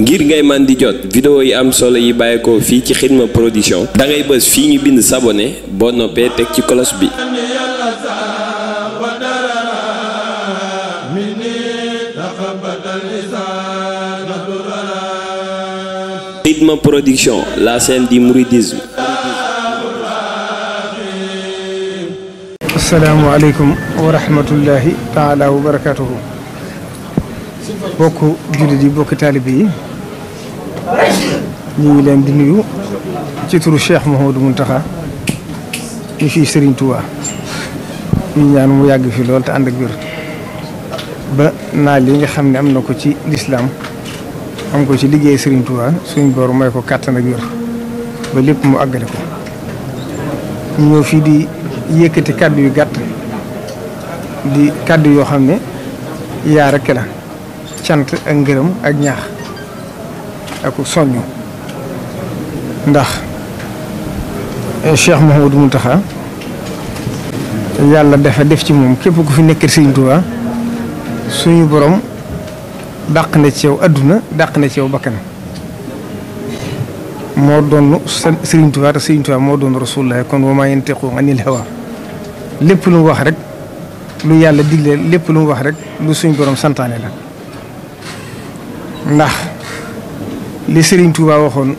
ngir ngay man di jot vidéo yi am solo yi bàyyeekoo fii ci Xidma production da ngay bës fii ñu bind s'abonner boo noppee teg ci cloche bi Xidma production la chaîne du mouridisme assalaamu aleykum wa rahmatullahi taala wa barakatuhu bokk jullit yi bokk taalibe yi ñu leen di nuyu ci turu Cheikh Mouhamadou Mountakha taxa fii fi Touba ñu ñaan mu yàgg fii lool te ànd ak wér ba naa li nga xam ne am na ko ci lislaam am ko ci liggéey Serigne suñu suñ boor may ko kàttan ak wér ba lépp mu àggale ko ñu ñëw fii di yëkkati kàddu yu gàtt di kàddu yoo xam ne yaa rekk la cant ak ngërëm ak ñaax ak soññu ndax eh, Cheikh mu Mountakha yàlla dafa def ci moom képp ku fi nekk Serigne Touba suñu borom dàq na ci yow adduna dàq na ci yow bakkan moo doon Serigne Touba te Serigne Touba moo doon Rasulullah kon wa maa yantiqu anil hawa lépp lu mu wax rek lu yàlla digle lépp lu mu wax rek lu suñu borom santaane la. ndax li sëriñ Touba waxoon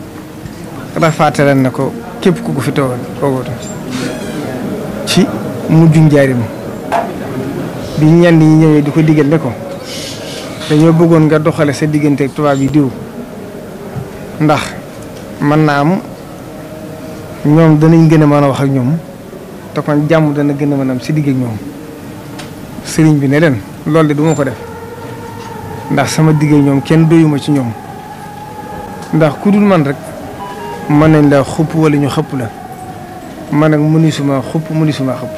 rafaatale na ko képp ku ko fi toogal toogootu ci mujjum njaarim bi ñenn ñi ñëwee di ko digal ne ko dañoo bëggoon nga doxale sa diggante ak tubaab yi diw ndax mën naa am ñoom danañ gën a mën a wax ak ñoom te kon jàmm dana gën a mën am si digg ak ñoom sëriñ bi ne leen loolu de duma ko def. ndax sama digg ñoom kenn doyuma ci ñoom ndax ku dul man rek mën nañ la xupp wala ñu xëpp la mën nag mënisuma xupp mënisuma xëpp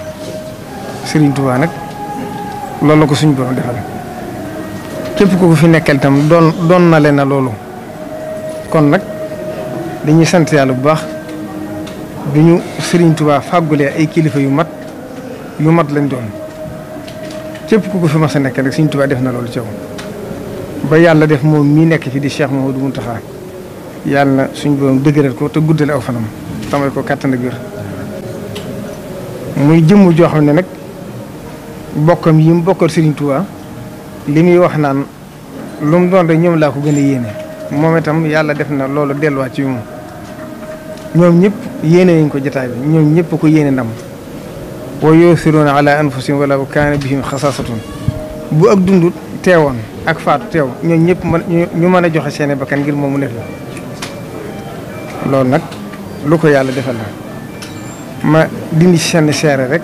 Serigne Touba nag loolu la ko suñu borom defal képp ku fi nekkal tam doon doon na na loolu kon nag dañuy sant yàlla bu baax bi ñu Serigne Touba fàggulee ay kilifa yu mat yu mat lañ doon képp ku ko fi mas a nekkal rek Serigne Touba def na loolu ci ba yàlla def moom mii nekk fi di Cheikh Mouhamadou Mountakha yàlla na suñ borom dëgëral ko te guddal aw fanam tamay ko kàttan ak wér muy jëmm joo xam ne nag bokkam yi mu bokkal Serigne Touba li wax naan lu doon rek ñoom laa ko gën yéene moom itam yàlla def na loolu delluwaat ci moom ñoom ñëpp yéene nañ ko jotaay bi ñoom ñëpp ko yéene ndam wa yusiruuna ala anfusihim walaw kaana bihim xasaasatun bu ak dundut teewoon ak faatu teew ñooñu ñëpp mën ñu mën a joxe seeni bakkan ngir moomu nekk la loolu nag lu ko yàlla defal la ma dindi ci seen seere rek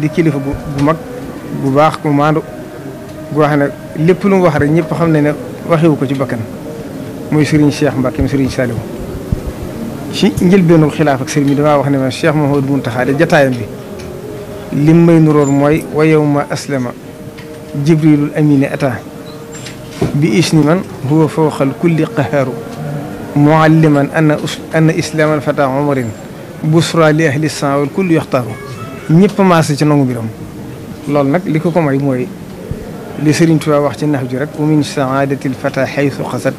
di kilifa bu bu mag bu baax ku maandu goo xam ne lépp lu mu wax rek ñépp xam ne ne waxiwu ko ci bakkan muy Serigne Cheikh Mbacke Serigne Saliou ci njëlbeenu xilaaf ak Serigne bi damaa wax ne ma Cheikh Mouhamadou Mountakha de jataayam bi lim may nuróor mooy wa yow ma aslama jibriilul amine ata بإذن من هو فوق الكل قهار معلما أن أن إسلام الفتى عمر بشرى لأهل السماء والكل يختار ñëpp maase ci nangu mbiram loolu nag li ko ko may mooy li Serigne Touba wax ci nax ji rek wa min saadatil fata xaysu xasat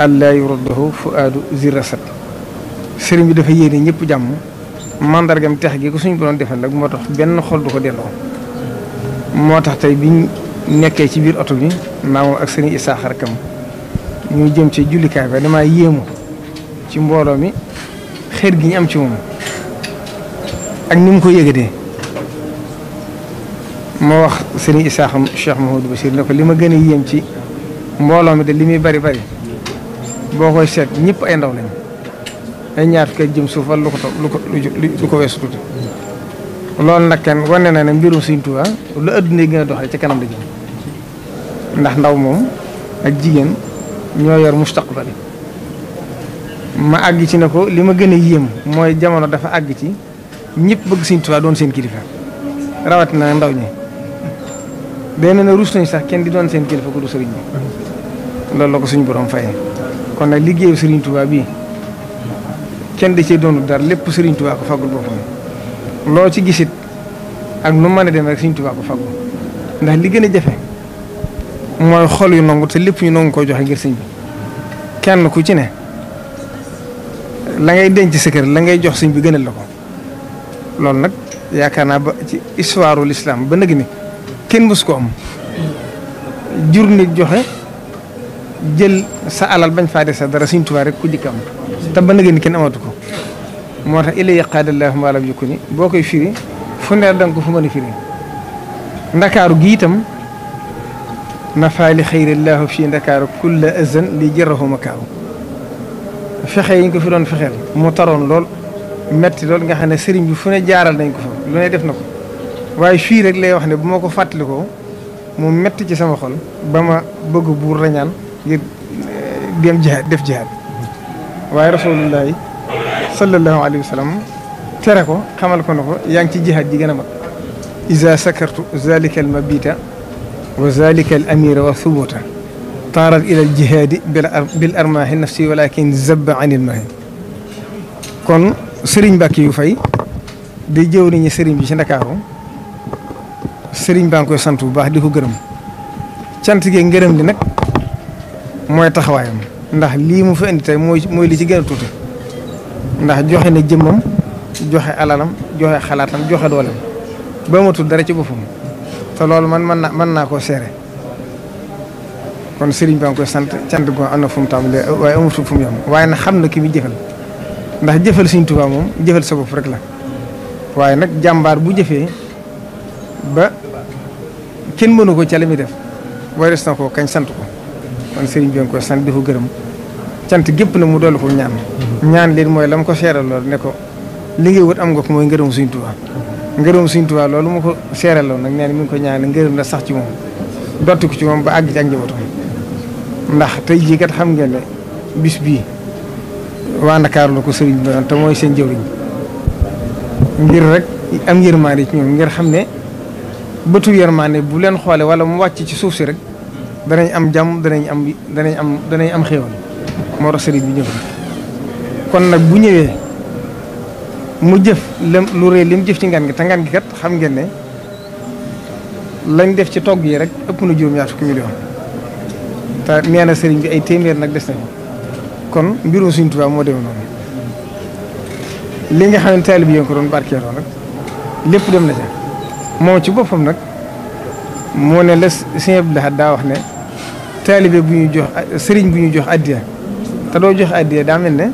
allaa yuraddahu fuaadu zirasat Serigne bi dafa yéene ñëpp jàmm mandargam tex gi ko suñu borom defal nag moo tax benn xol du ko delloo moo tax tey biñ nekkee ci biir oto bi maamoom ak sëriñ Isaaxa rakam mu jëm ci jullikaay ba damaa yéemu ci mbooloo mi xër gi ñu am ci moom ak ni mu ko yëgatee moo wax sëriñ Isaaxa Cheikh Mahoudou Bachir ne ko li ma gën a yéem ci mbooloo mi de li muy bari bari boo koy seet ñëpp ay ndaw lañ ay ñaar kay jëm suuf wala lu ko lu ko lu ko weesu tuuti loolu nag kenn wane na ne mbirum Sëriñ Tuubaa lu adduna yi gën a doxee ci kanam la jëm ndax ndaw moom ak jigéen ñoo yor mustaqbal ma àgg ci ne ko li ma gën a yéem mooy jamono dafa àgg ci ñëpp bëgg Sëñ Tuubaa doon seen kilifa naa ndaw ñi day ne ruus nañ sax kenn di doon seen kilifa ku du sëriñ bi loolu la ko suñu borom fay kon nag liggéeyu Sëriñ Tuubaa bii kenn da cee doonu dara lépp Sëriñ Tuubaa ko faggul boppam loo ci gisit ak nu mën a demee rek Sëriñ Tuubaa ko faggul ndax li gën a jafe mooy xol yu nangu te lépp ñu nongu ko joxe ngir sëñ bi kenn ku ci ne la ngay denc sa kër la ngay jox sëñ bi gënal la ko loolu nag yaakaar naa ba ci histoire ul islam ba nag ni kenn mës ko am jur nit joxe jël sa alal bañ faa dese dara sëñ Tuubaa ku jëkk ba nag ni ko moo tax ilay yaqaadallahu maalam yukku ni boo koy firi fu neer danga ko fu mën a firi ndakaaru gi itam مفعل خير الله في دكار كل أذن ليجره مكاو فخي ينكو فلون فخير مطرون لول متي لول نغا خاني سيرن بي فوني جارال نانكو فو لو ني ديف نكو واي في رك لي واخني بماكو فاتلكو مو متي سي سما خول بما بوغ بور رانيان يد ديم جهاد ديف جهاد واي رسول الله صلى الله عليه وسلم تركو خمال كو نكو يانتي جهاد دي غنا مك اذا سكرت ذلك المبيت وذلك الأمير وثبوته طارد إلى الجهاد بالأرماح النفسي ولكن زب عن المهن كون سرين باكي يوفي دي جوري ني سرين بيش نكارو سرين بانكو سانتو باه ديكو غرم سانتي غرم دي نك موي تاخوايام ndax li mu fi andi tay moy moy li ci gëna tuti ndax joxe na jëmam joxe alalam joxe xalaatam joxe doole ba mu tut dara ci bofum te loolu man mën naa mën naa koo seere kon sëriñ ba nga koy sant cant go am na fu mu tàmbalee waaye amul fu mu yem waaye na xam na ki muy jëfal ndax jëfal suñ Tuubaa moom jëfal sa bopp rek la waaye nag jàmbaar bu jëfee ba kenn mënu ko ca li muy def wares na ko kañ sant ko kon sëriñ bi nga koy sant di ko gërëm cant gépp na mu dolli ko ñaan mm-hmm. ñaan leen mooy lam ko seere lool ne ko li ngay wut am nga ko mooy ngërëm suñ Tuubaa ngërëm Sëriñ Tuubaa loolu mu ko seeraloon nag nee na mi ngi ko ñaanal ngërëm la sax ci moom dotti ko ci moom ba àgg ci ak njabootam ndax tey jii kat xam ngeen ne bis bii waa Ndakaaru la ko sëriñ bi doon te mooy seen jëwriñ ngir rek am yërmaande ci ñoom ngir xam ne bëtu yërmaande bu leen xoolee wala mu wàcc ci suuf si rek danañ am jàmm danañ am danañ am danañ am xéewal moo tax sëriñ bi ñëw kon nag bu ñëwee. mu jëf lim lu rëy lim jëf ci ngan gi te ngan gi kat xam ngeen ne lañ def ci togg yi rek ëpp na juróom-ñaar fukki million te nee na sëriñ bi ay téeméer nag des nañu kon mbirum Sëriñ Tuubaa moo deme noonu li nga xam ne taalib yi ko doon barkeeloo nag lépp dem na ca moom ci boppam nag moo ne la Sëriñ Abdou Lahad daa wax ne taalibe bu ñu jox a sëriñ bu ñu jox addiya te doo jox addiya daa mel ne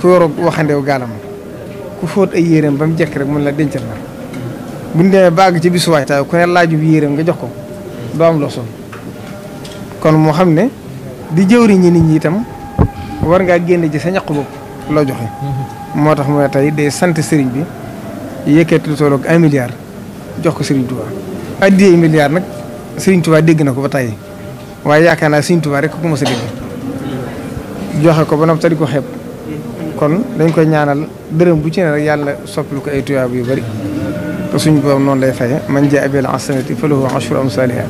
ku yoroog waxandew gaalam ku fóot ay yéreem ba mu jekk rek mun na dencal la bu ñu demee bàgg ci bisu waajtaay ku ne laajub yéreem nga jox ko doo am loo sol kon moo xam ne di ñi nit ñi itam war ngaa génne ci sa ñaq bopp loo joxe. Mm-hmm. moo tax mu ne tey day sant sëriñ bi yëkkati lu toll un milliard jox ko sëriñ Touba. addiyee milliard nag sëriñ Touba dégg na ko ba tàyyi waaye yaakaar naa sëriñ Touba rek ku ko mos dégg joxe ko ba noppi di ko xeeb. kon dañ koy ñaanal dërëm bu ci ne rek yàlla soppil ko ay tuyaab yu bari te suñ borom noonu lay faye man jaa bil hasanati falahu ashru amsaliha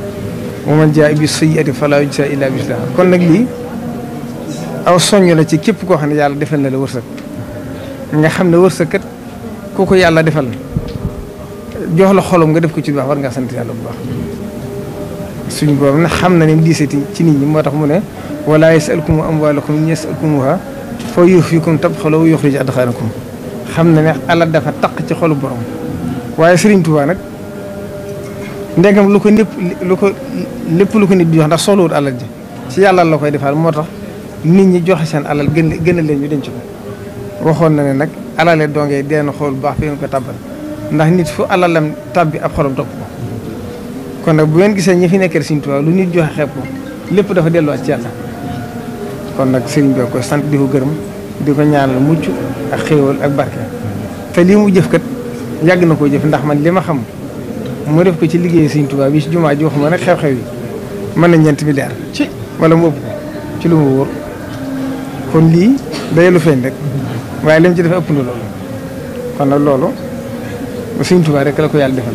wa man jaa bi sayyi'ati fala yujza illa kon nag lii aw la ci képp koo xam ne yàlla defal na la wërsëg nga xam ne wërsëg kat ku yàlla defal jox la xolom nga def ko ci baax war ngaa sant yàlla bu baax suñ borom nag xam na ne ci nit moo tax mu ne wala yasalkum amwalakum yasalkumuha فيوفيكم تبخلوا ويخرج أدخالكم خمنا نع الله دفع تق تخلوا برام وعشرين توانك نعم لوكو نب لوكو لب لوكو نبي هذا سولو الله جي سيا الله لوكو يدفع المرة نيني جو حسن على الجن الجن اللي نجدين شو روحنا نك على الدوام جاي دين خول بعفين كتابنا نهني تفو الله لم تابي أبخلوا دكوا كنا بوين كسر نفينا كرسين توا لوني جو حكمه لب دفع دلوا سيا الله kon nag sëriñ bi ko sant di ko gërëm di ko ñaanal mucc ak xéewal ak barke te lii mu jëf kat yàgg na koo jëf ndax man li ma xam mu def ko ci liggéey sëriñ Tuubaa bi ci jumaa ji wax ma nag xew-xew yi mën na ñeent ci wala mu ëpp ci lu mu wóor kon lii day lu feeñ rek waaye li ci def ëpp na loolu kon nag loolu sëriñ Tuubaa rek la ko yàlla defal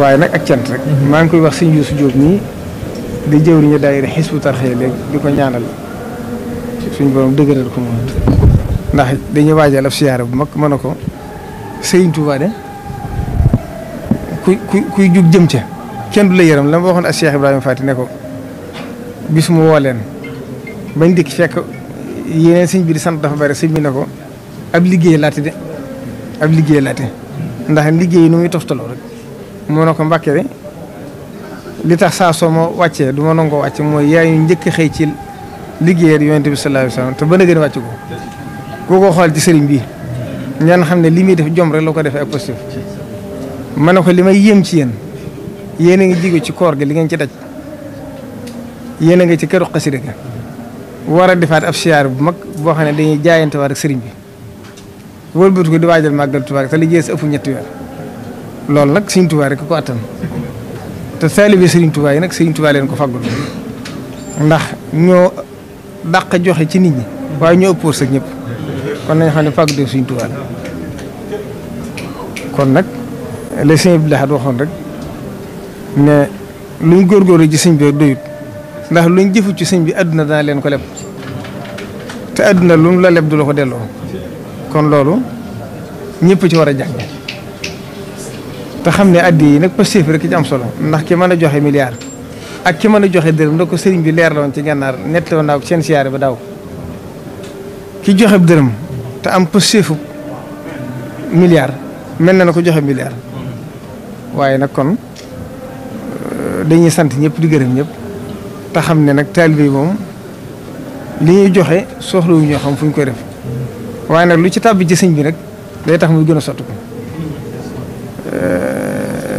waaye nag ak cant rek mhm. maa ngi koy wax sëriñ Yuusu Jóob nii di jëwriñu daayira xisbu tarxee léegi di ko ñaanal suñ borom dëgëral ko moom ndax dañuy waajal ab siyaara bu mag mën a ko sëriñ Tuubaa de kuy kuy kuy jug jëm ca kenn du la yërëm la ma waxoon ak Cheikh Ibrahima Fati ne ko bis mu woo leen bañ dikk fekk yeneen sëñ bi di sant dafa bari sëñ bi ne ko ab liggéey laate de ab liggéey laate ndax liggéey nu muy toftaloo rek moo ne ko mbàkke de li tax saa soo ma wàccee du ma nangoo wàcce mooy yaa ngi njëkk xëy ci liggéeyal yonent bi sallallahu alayhi wasallam te ba na gën wàcc ko koo ko xool ci sëriñ bi ñaan xam ne li muy def jom rek la ko defee ak positif ma ne ko li may yéem ci yéen yéen a ngi jóge ci koor gi li ngeen ci daj yéen a ngi ci këru xasida war a defaat ab siyaar bu mag boo xam ne dañuy jaayante sëriñ bi wëlbatu ko di waajal màggal Tuubaa te liggéey sa ëpp ñetti weer loolu nag Sëriñ Tuubaa rek ko attan te taalibe Serigne Touba yi nag Serigne Touba leen ko faggul ndax ñoo dàq joxe ci nit ñi waaye ñoo ëpp wërsëg ñëpp kon nañ xam ne fàggu def Serigne kon nag le Sëñ Abdou Lahad waxoon rek ne luñ góor ci sëñ bi doyut ndax luñ jëfu ci sëñ bi àdduna dana leen ko leb te àdduna lu mu la leb du la ko delloo kon loolu ñëpp ci war a jàng te xam ne addi yi nag passif rek ci am solo ndax ki mën a joxe milliard ak ki mën a joxe dërëm ndax ko sëriñ bi leer la woon ci gànnaar nett woon naa ko seen siyaare ba daaw ki joxe dërëm te am passifu milliard mel na na ko joxe milliard waaye nag kon euh, dañuy sant ñëpp di gërëm ñépp te xam ne nag taalibe yi moom li ñuy joxe soxlawu ñoo xam fu ñu koy def waaye nag lu ci tàbbi ci sëñ bi nag day tax muy gën a sotti ko euh,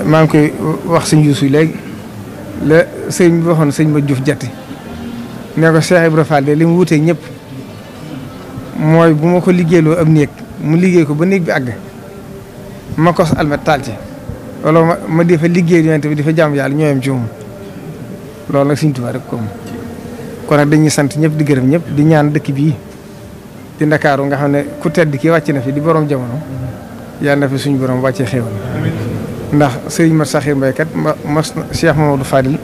maa koy wax sëñ Yuusu léegi la sëñ bi waxoon sëñ ma Juuf jatti ne ko Cheikh Ibra Fall de li mu wutee ñëpp mooy bu ma ko liggéeyloo am néeg mu liggéey ko ba néeg bi àgg ma kos almet taal ci wala ma ma di fa liggéey yonent bi di fa jàmm yàlla ñooyam ci moom loolu nag sëñ Tuubaa rek ko kon nag dañuy sant ñëpp di gërëm ñëpp di ñaan dëkk bii di ndakaaru nga xam ne ku tedd ki wàcc na fi di borom jamono yàlla na fi suñu borom wàccee xew ndax sëriñ ma saxir mbay kat ma mas Cheikh Mamadou Fadil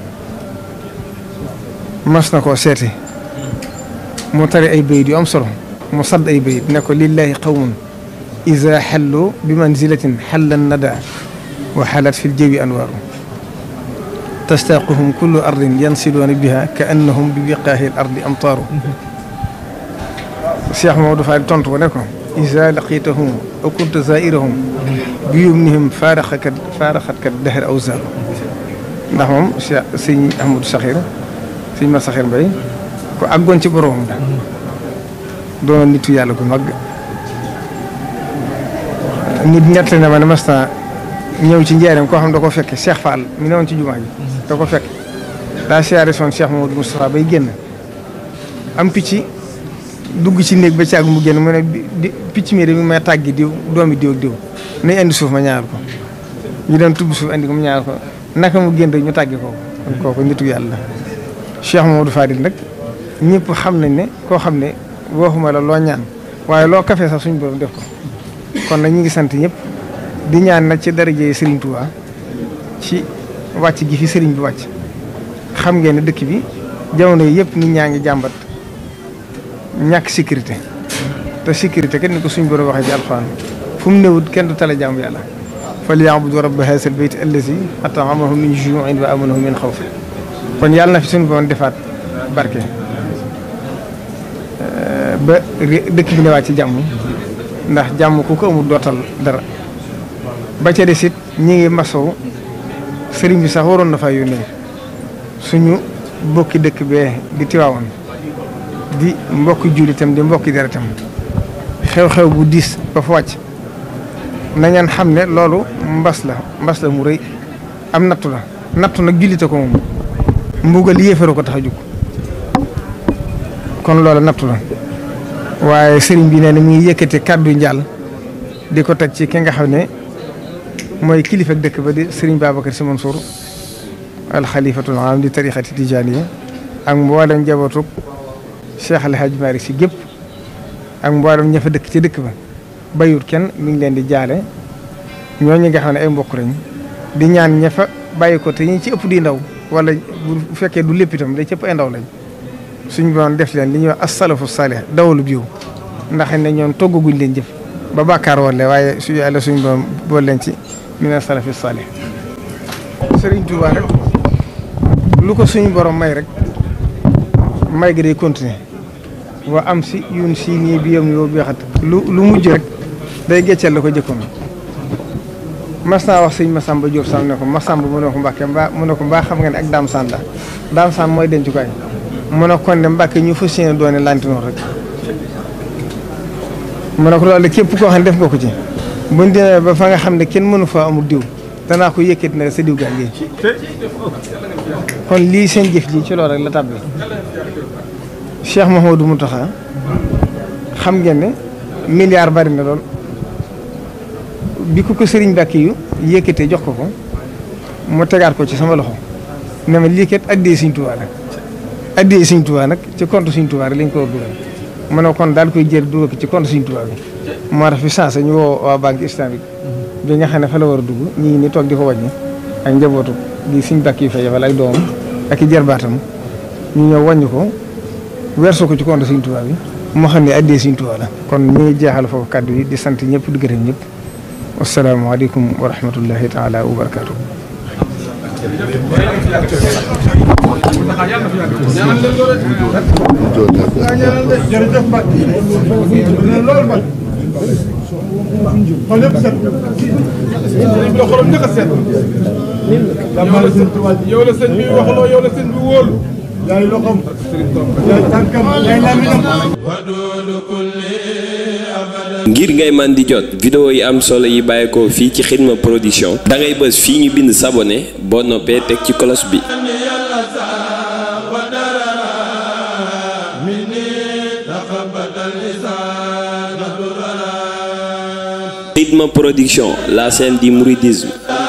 mas na koo seeti mu tari ay bayit yu am solo mu sadd ay bayit ne ko lillahi qawmun iza hallu bi manzilatin xallan nada wa halat fil jawi xalat fi ljawi anwaaru تستاقهم كل أرض ينسلون بها كأنهم ببقاه الأرض أمطار سيح مودو فايل ne ko إذا لقيتهم أو كنت زائرهم بيومهم فارخك فارخك الدهر أو زار نعم سي أحمد سخير سي ما سخير بعدين كأبغون تبرهم ده دون نتو يالك مغ نبنيت لنا من مستا نيو تنجيرم كوهم دكو فيك شيخ فال منو تيجي معي دكو فيك لا شيء أرسل شيخ محمود مصطفى بيجن أم بيجي dugg ci neeg ba ci ak mu genn mu ne picc mi mi may taggi diw doomi diw diw ne indi suuf ma ñaar ko ñu dem tubb suuf indi ko mu ñaar ko naka mu rek ñu taggi ko kooku nitu yalla cheikh mamadou fadil nak ñepp xam nañ ne ko xam ne waxuma la lo ñaan waye lo kafe sax suñu borom def ko kon nag ñi ngi sant ñepp di ñaan na ci daraje Serigne Touba ci wacc gi fi Serigne bi wacc xam ngeen ne dëkk bi jamono yëpp ni ñaangi jambat jàmbat ñàkk sécurité te sécurité kenn ni ko suñ borom waxee ci alxuraan fu mu newut kenn du tale jaamu yàlla falyabudu rabba haazal bayt allazi at'amahum min juu'in wa amanahum min xawf kon yàlla na fi suñu borom defaat barke ba dëkk bi newaat ci jàmm ndax jàmm ku ko amul dootal dara ba ca des it ñi ngi masow sëriñ bi sax waroon na fa yónnee suñu bokki dëkk bee di tiwaawoon di mbokki jullitam di mbokki tam xew-xew bu diis ba fa wàcc na ngeen xam ne loolu mbas la mbas la mu rëy am nattu la nattu nag jullite ko moom mbugal yéefaru ko tax a jóg kon loolu nattu la waaye sëriñ bi nee na mu ngi yëkkati kàddu njàll di ko teg ci ki nga xam ne mooy kilifa dëkk ba di sëriñ Babacar Sy Mansour alxalifatul am di tarixati tijaaniya ak mboolem jabootug Cheikh El Hadj Malick si gépp ak mboolem ña fa dëkk ci dëkk ba bayut kenn mi ngi leen di jaale ñooñu nga xam ne ay mbokk lañ di ñaan ña fa bàyyi ko te ñi ci ëpp di ndaw wala bu fekkee du lépp itam day cëpp ëpp ay ndaw lañ suñu doon def leen li ñuy wax asalafu salih dawalu biw ndax ne ñoom toggaguñ leen jëf ba bàkkaar woon la waaye su yàlla suñu doon bool leen ci mina salafi salih Sëriñ Tuubaa rek lu ko suñu borom may rek. may gi day continuer wa am si yun si nii bi yom beexat lu lu mujj rek day gecceel la ko jëkkoon mas wax sëñ Masamba Diop Samb ne ko Masamba mu ne ko Mbàkke mbaa mu ne ko mbaa xam nga ne ak Dame Sane la Dame mooy denc ko ay mu ne ñu fas yéene doone lantinoor rek mu ne ko loolu képp koo xam ne def nga ko ci buñ demee ba fa nga xam ne kenn mënu fa amul diw danaa ko yëkkati na sa diw gaa ngi kon lii seen jëf ji ci loolu rek la tàbbi Cheikh Mouhamadou Mountakha xam ngeen ne milliard bari na lool bi ku ko sëriñ bàkki yu yëkkatee jox ko ko mu tegaat ko ci sama loxo ne ma lii kat addee Sëriñ Tuubaa nag addee Sëriñ Tuubaa nag ci compte Sëriñ Tuubaa rek ko war dugal kon daal koy jël dugal ci compte Sëriñ Tuubaa bi moo tax fi saa ñu woo waa banque islamique bi nga xam ne fa la war a dugg ñu ngi toog di ko wàññi ak njabootu gi Sëriñ bàkki yu fa yebal ak doom ak i jarbaatam ñu ñëw wàññi ko verso ko ci konto seigne touba bi mo xamni adde seigne touba la kon ñi ngi jeexal foofu kàddu yi di sant ñëpp di gërëm ñëpp assalamu alaykum wa rahmatullahi taala wa barakatuh yow yaay ngir ngay man di jot vidéo yi am solo yi bayiko fi ci Xidma production da ngay beus fi ñu bind s'abonner bo noppé tek ci cloche bi Xidma production la scène du mouridisme